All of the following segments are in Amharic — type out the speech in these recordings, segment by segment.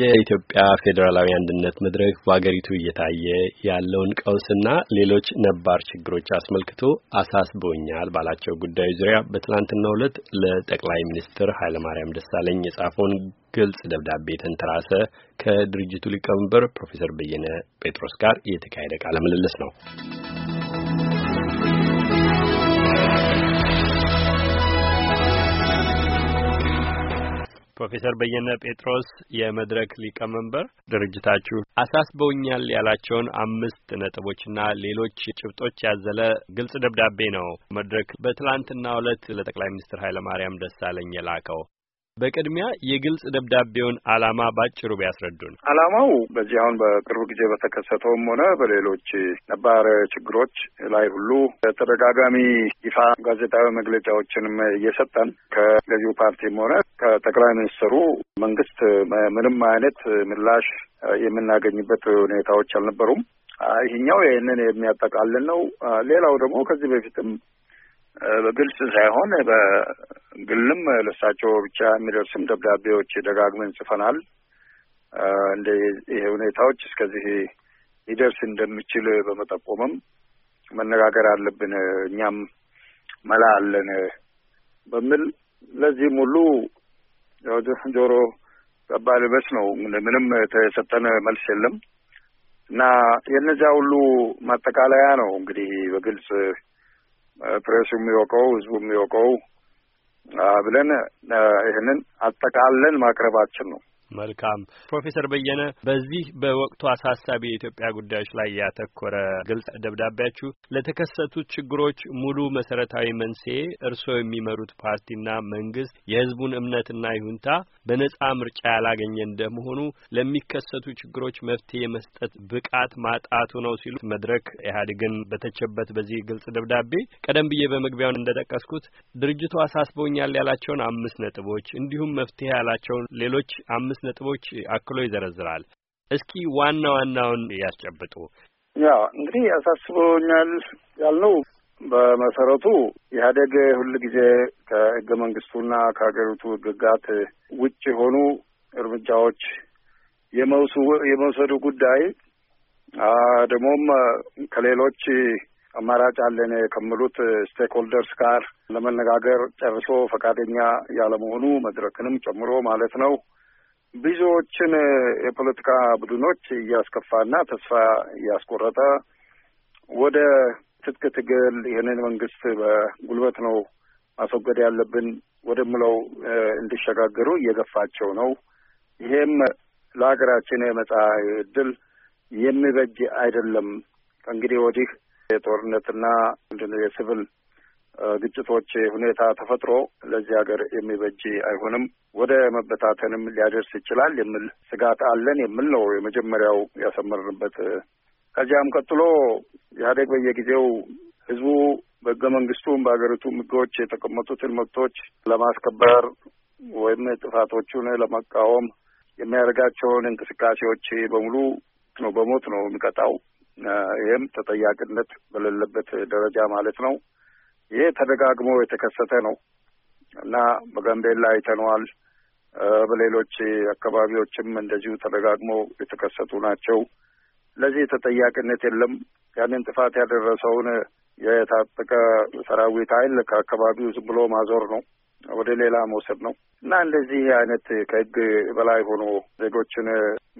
የኢትዮጵያ ፌዴራላዊ አንድነት መድረክ በአገሪቱ እየታየ ያለውን ቀውስና ሌሎች ነባር ችግሮች አስመልክቶ አሳስበውኛል ባላቸው ጉዳዮች ዙሪያ በትናንትናው ዕለት ለጠቅላይ ሚኒስትር ኃይለማርያም ደሳለኝ የጻፈውን ግልጽ ደብዳቤ ተንተራሰ ከድርጅቱ ሊቀመንበር ፕሮፌሰር በየነ ጴጥሮስ ጋር የተካሄደ ቃለ ምልልስ ነው። ፕሮፌሰር በየነ ጴጥሮስ የመድረክ ሊቀመንበር፣ ድርጅታችሁ አሳስበውኛል ያላቸውን አምስት ነጥቦችና ሌሎች ጭብጦች ያዘለ ግልጽ ደብዳቤ ነው መድረክ በትላንትና ዕለት ለጠቅላይ ሚኒስትር ኃይለማርያም ደሳለኝ የላከው። በቅድሚያ የግልጽ ደብዳቤውን ዓላማ ባጭሩ ቢያስረዱን። ዓላማው በዚህ አሁን በቅርብ ጊዜ በተከሰተውም ሆነ በሌሎች ነባር ችግሮች ላይ ሁሉ ተደጋጋሚ ይፋ ጋዜጣዊ መግለጫዎችንም እየሰጠን ከገዢው ፓርቲም ሆነ ከጠቅላይ ሚኒስትሩ መንግስት ምንም አይነት ምላሽ የምናገኝበት ሁኔታዎች አልነበሩም። ይህኛው ይህንን የሚያጠቃልል ነው። ሌላው ደግሞ ከዚህ በፊትም በግልጽ ሳይሆን በግልም ለእሳቸው ብቻ የሚደርስም ደብዳቤዎች ደጋግመን ጽፈናል። እንደ ይሄ ሁኔታዎች እስከዚህ ሊደርስ እንደሚችል በመጠቆምም መነጋገር አለብን፣ እኛም መላ አለን በሚል ለዚህም ሁሉ ጆሮ ገባ ልበስ ነው። ምንም የተሰጠን መልስ የለም እና የነዚያ ሁሉ ማጠቃለያ ነው እንግዲህ በግልጽ ፕሬሱ የሚወቀው ህዝቡ የሚወቀው ብለን ይህንን አጠቃለን ማቅረባችን ነው። መልካም ፕሮፌሰር በየነ በዚህ በወቅቱ አሳሳቢ የኢትዮጵያ ጉዳዮች ላይ ያተኮረ ግልጽ ደብዳቤያችሁ ለተከሰቱት ችግሮች ሙሉ መሰረታዊ መንስኤ እርስዎ የሚመሩት ፓርቲና መንግስት የህዝቡን እምነትና ይሁንታ በነጻ ምርጫ ያላገኘ እንደመሆኑ ለሚከሰቱ ችግሮች መፍትሄ የመስጠት ብቃት ማጣቱ ነው ሲሉ መድረክ ኢህአዴግን በተቸበት በዚህ ግልጽ ደብዳቤ ቀደም ብዬ በመግቢያውን እንደጠቀስኩት ድርጅቱ አሳስበውኛል ያላቸውን አምስት ነጥቦች እንዲሁም መፍትሄ ያላቸውን ሌሎች አምስት አምስት ነጥቦች አክሎ ይዘረዝራል። እስኪ ዋና ዋናውን ያስጨብጡ። ያ እንግዲህ ያሳስበኛል ያልነው በመሰረቱ ኢህአዴግ ሁል ጊዜ ከህገ መንግስቱና ከሀገሪቱ ህግጋት ውጭ የሆኑ እርምጃዎች የመውሰዱ ጉዳይ ደግሞም ከሌሎች አማራጭ አለን ከሚሉት ስቴክሆልደርስ ጋር ለመነጋገር ጨርሶ ፈቃደኛ ያለመሆኑ መድረክንም ጨምሮ ማለት ነው ብዙዎችን የፖለቲካ ቡድኖች እያስከፋና ተስፋ እያስቆረጠ ወደ ትጥቅ ትግል ይህንን መንግስት በጉልበት ነው ማስወገድ ያለብን ወደምለው እንዲሸጋገሩ እየገፋቸው ነው። ይሄም ለሀገራችን የመጻኢ እድል የሚበጅ አይደለም። ከእንግዲህ ወዲህ የጦርነትና የሲቪል ግጭቶች ሁኔታ ተፈጥሮ ለዚህ ሀገር የሚበጅ አይሆንም፣ ወደ መበታተንም ሊያደርስ ይችላል የሚል ስጋት አለን የሚል ነው የመጀመሪያው ያሰመርንበት። ከዚያም ቀጥሎ ኢህአዴግ በየጊዜው ህዝቡ በህገ መንግስቱም በሀገሪቱ ህጎች የተቀመጡትን መብቶች ለማስከበር ወይም ጥፋቶቹን ለመቃወም የሚያደርጋቸውን እንቅስቃሴዎች በሙሉ ነው በሞት ነው የሚቀጣው። ይህም ተጠያቂነት በሌለበት ደረጃ ማለት ነው። ይሄ ተደጋግሞ የተከሰተ ነው እና በገንቤላ አይተነዋል። በሌሎች አካባቢዎችም እንደዚሁ ተደጋግሞ የተከሰቱ ናቸው። ለዚህ ተጠያቂነት የለም። ያንን ጥፋት ያደረሰውን የታጠቀ ሰራዊት ኃይል ከአካባቢው ዝም ብሎ ማዞር ነው፣ ወደ ሌላ መውሰድ ነው እና እንደዚህ አይነት ከህግ በላይ ሆኖ ዜጎችን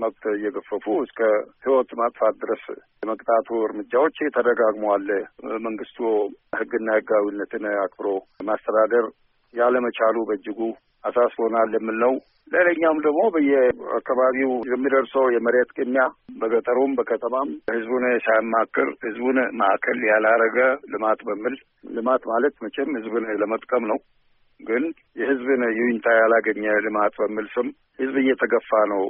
መብት እየገፈፉ እስከ ህይወት ማጥፋት ድረስ የመቅጣቱ እርምጃዎች ተደጋግመዋል። መንግስቱ ህግና ህጋዊነትን አክብሮ ማስተዳደር ያለመቻሉ በእጅጉ አሳስቦናል ነው። ሌላኛውም ደግሞ በየአካባቢው የሚደርሰው የመሬት ቅሚያ በገጠሩም በከተማም ህዝቡን ሳያማክር ህዝቡን ማዕከል ያላረገ ልማት በሚል ልማት ማለት መቼም ህዝብን ለመጥቀም ነው። ግን የህዝብን ይሁንታ ያላገኘ ልማት በሚል ስም ህዝብ እየተገፋ ነው።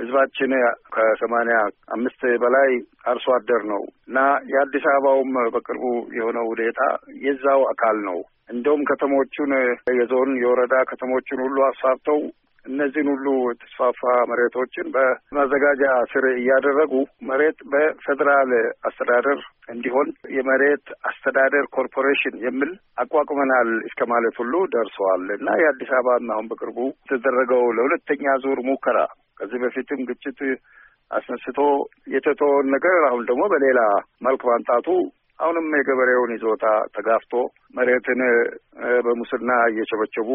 ህዝባችን ከሰማንያ አምስት በላይ አርሶ አደር ነው እና የአዲስ አበባውም በቅርቡ የሆነው ሁኔታ የዛው አካል ነው። እንደውም ከተሞቹን የዞን የወረዳ ከተሞችን ሁሉ አሳብተው እነዚህን ሁሉ የተስፋፋ መሬቶችን በማዘጋጃ ስር እያደረጉ መሬት በፌዴራል አስተዳደር እንዲሆን የመሬት አስተዳደር ኮርፖሬሽን የሚል አቋቁመናል እስከ ማለት ሁሉ ደርሰዋል እና የአዲስ አበባን አሁን በቅርቡ የተደረገው ለሁለተኛ ዙር ሙከራ ከዚህ በፊትም ግጭት አስነስቶ የተተወን ነገር አሁን ደግሞ በሌላ መልክ ማምጣቱ አሁንም የገበሬውን ይዞታ ተጋፍቶ መሬትን በሙስና እየቸበቸቡ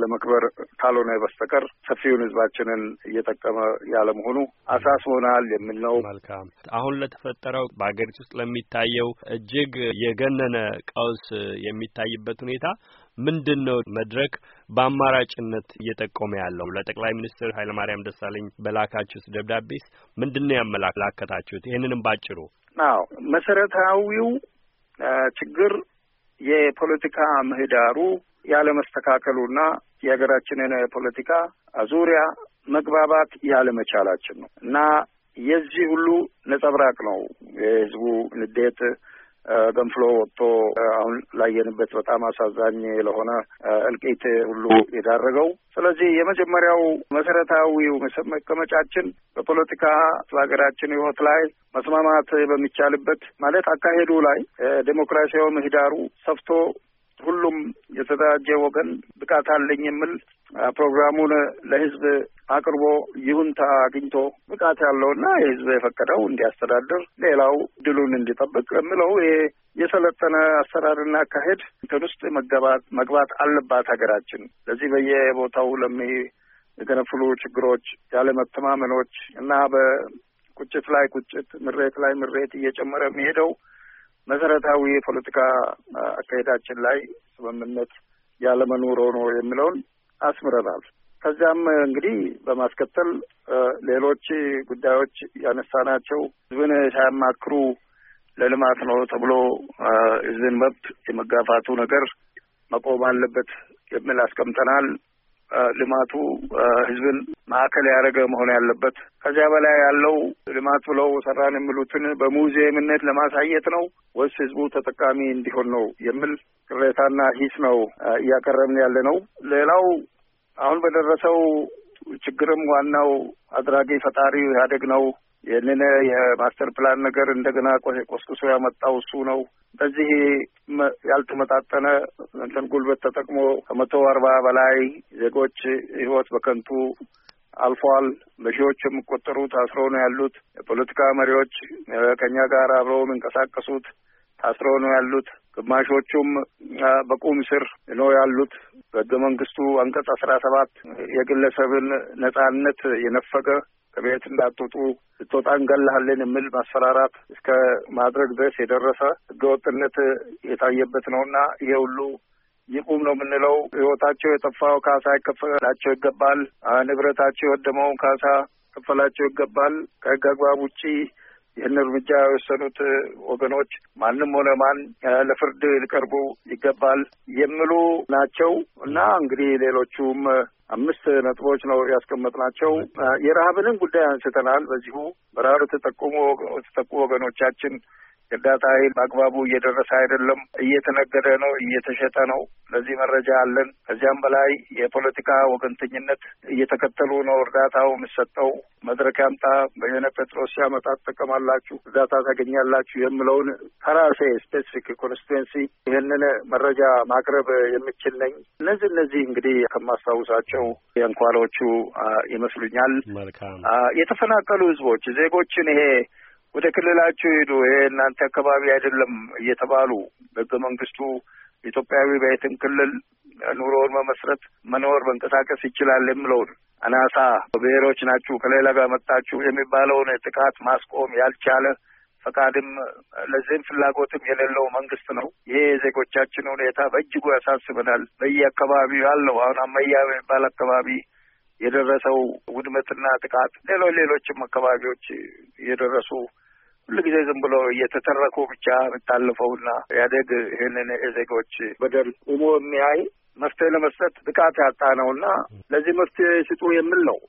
ለመክበር ካልሆነ በስተቀር ሰፊውን ህዝባችንን እየጠቀመ ያለመሆኑ አሳስቦናል የሚል ነው። መልካም። አሁን ለተፈጠረው በሀገሪቱ ውስጥ ለሚታየው እጅግ የገነነ ቀውስ የሚታይበት ሁኔታ ምንድን ነው መድረክ በአማራጭነት እየጠቆመ ያለው? ለጠቅላይ ሚኒስትር ኃይለማርያም ደሳለኝ በላካችሁት ደብዳቤስ ምንድን ነው ያመላከታችሁት? ይህንንም ባጭሩ አዎ መሰረታዊው ችግር የፖለቲካ ምህዳሩ ያለመስተካከሉና የሀገራችንን የፖለቲካ ዙሪያ መግባባት ያለመቻላችን ነው እና የዚህ ሁሉ ነጸብራቅ ነው የህዝቡ ንዴት ገንፍሎ ወጥቶ አሁን ላየንበት በጣም አሳዛኝ ለሆነ እልቂት ሁሉ የዳረገው። ስለዚህ የመጀመሪያው መሰረታዊው መቀመጫችን በፖለቲካ በሀገራችን ሕይወት ላይ መስማማት በሚቻልበት ማለት አካሄዱ ላይ ዴሞክራሲያዊ ምህዳሩ ሰፍቶ ሁሉም የተደራጀ ወገን ብቃት አለኝ የሚል ፕሮግራሙን ለህዝብ አቅርቦ ይሁንታ አግኝቶ ብቃት ያለውና የህዝብ የፈቀደው እንዲያስተዳድር ሌላው ድሉን እንዲጠብቅ የሚለው የሰለጠነ አሰራርና አካሄድ እንትን ውስጥ መገባት መግባት አለባት ሀገራችን። ለዚህ በየቦታው ለሚገነፍሉ ችግሮች፣ ያለ መተማመኖች እና በቁጭት ላይ ቁጭት፣ ምሬት ላይ ምሬት እየጨመረ የሚሄደው መሰረታዊ የፖለቲካ አካሄዳችን ላይ ስምምነት ያለመኖር ሆኖ የሚለውን አስምረናል። ከዚያም እንግዲህ በማስከተል ሌሎች ጉዳዮች ያነሳናቸው ህዝብን ሳያማክሩ ለልማት ነው ተብሎ ህዝብን መብት የመጋፋቱ ነገር መቆም አለበት የሚል አስቀምጠናል። ልማቱ ህዝብን ማዕከል ያደረገ መሆን ያለበት ከዚያ በላይ ያለው ልማት ብለው ሰራን የሚሉትን በሙዚየምነት ለማሳየት ነው ወይስ ህዝቡ ተጠቃሚ እንዲሆን ነው የሚል ቅሬታና ሂስ ነው እያቀረብን ያለ ነው። ሌላው አሁን በደረሰው ችግርም ዋናው አድራጊ ፈጣሪው ኢህአዴግ ነው ይህንን የማስተር ፕላን ነገር እንደገና ቆስቁሶ ያመጣው እሱ ነው። በዚህ ያልተመጣጠነ እንትን ጉልበት ተጠቅሞ ከመቶ አርባ በላይ ዜጎች ህይወት በከንቱ አልፏል። በሺዎች የሚቆጠሩ ታስረው ነው ያሉት። የፖለቲካ መሪዎች ከኛ ጋር አብረው የሚንቀሳቀሱት ታስረው ነው ያሉት። ግማሾቹም በቁም ስር ነው ያሉት። በህገ መንግስቱ አንቀጽ አስራ ሰባት የግለሰብን ነጻነት የነፈገ ከቤት እንዳትወጡ ስትወጣ እንገላሃለን የሚል ማስፈራራት እስከ ማድረግ ድረስ የደረሰ ህገወጥነት የታየበት ነውና ይሄ ሁሉ ይቁም ነው የምንለው። ህይወታቸው የጠፋው ካሳ ይከፈላቸው ይገባል። ንብረታቸው የወደመውን ካሳ ከፈላቸው ይገባል። ከህግ አግባብ ውጪ ይህን እርምጃ የወሰኑት ወገኖች ማንም ሆነ ማን ለፍርድ ሊቀርቡ ይገባል የሚሉ ናቸው እና እንግዲህ ሌሎቹም አምስት ነጥቦች ነው ያስቀመጥናቸው። የረሀብንም ጉዳይ አንስተናል። በዚሁ በረሀብ ተጠቁሞ ተጠቁ ወገኖቻችን እርዳታ ይል በአግባቡ እየደረሰ አይደለም። እየተነገደ ነው፣ እየተሸጠ ነው። ለዚህ መረጃ አለን። ከዚያም በላይ የፖለቲካ ወገንተኝነት እየተከተሉ ነው እርዳታው የሚሰጠው። መድረክ ያምጣ በየነ ጴጥሮስ ሲያመጣ ትጠቀማላችሁ፣ እርዳታ ታገኛላችሁ የምለውን ከራሴ ስፔሲፊክ ኮንስቲትዌንሲ ይህንን መረጃ ማቅረብ የምችል ነኝ። እነዚህ እነዚህ እንግዲህ ከማስታውሳቸው ናቸው የእንኳሮቹ ይመስሉኛል። የተፈናቀሉ ህዝቦች ዜጎችን ይሄ ወደ ክልላችሁ ሄዱ፣ ይሄ እናንተ አካባቢ አይደለም እየተባሉ በህገ መንግስቱ ኢትዮጵያዊ በየትም ክልል ኑሮውን መመስረት መኖር መንቀሳቀስ ይችላል የምለውን አናሳ ብሔሮች ናችሁ ከሌላ ጋር መጣችሁ የሚባለውን ጥቃት ማስቆም ያልቻለ ፈቃድም ለዚህም ፍላጎትም የሌለው መንግስት ነው። ይሄ የዜጎቻችን ሁኔታ በእጅጉ ያሳስበናል። በየአካባቢው ያለው አሁን አመያ የሚባል አካባቢ የደረሰው ውድመትና ጥቃት፣ ሌሎች ሌሎችም አካባቢዎች የደረሱ ሁልጊዜ ዝም ብሎ እየተተረኩ ብቻ የሚታለፈውና ኢህአዴግ ይህንን የዜጎች በደል ቆሞ የሚያይ መፍትሄ ለመስጠት ብቃት ያጣ ነውና ለዚህ መፍትሄ ስጡ የሚል ነው።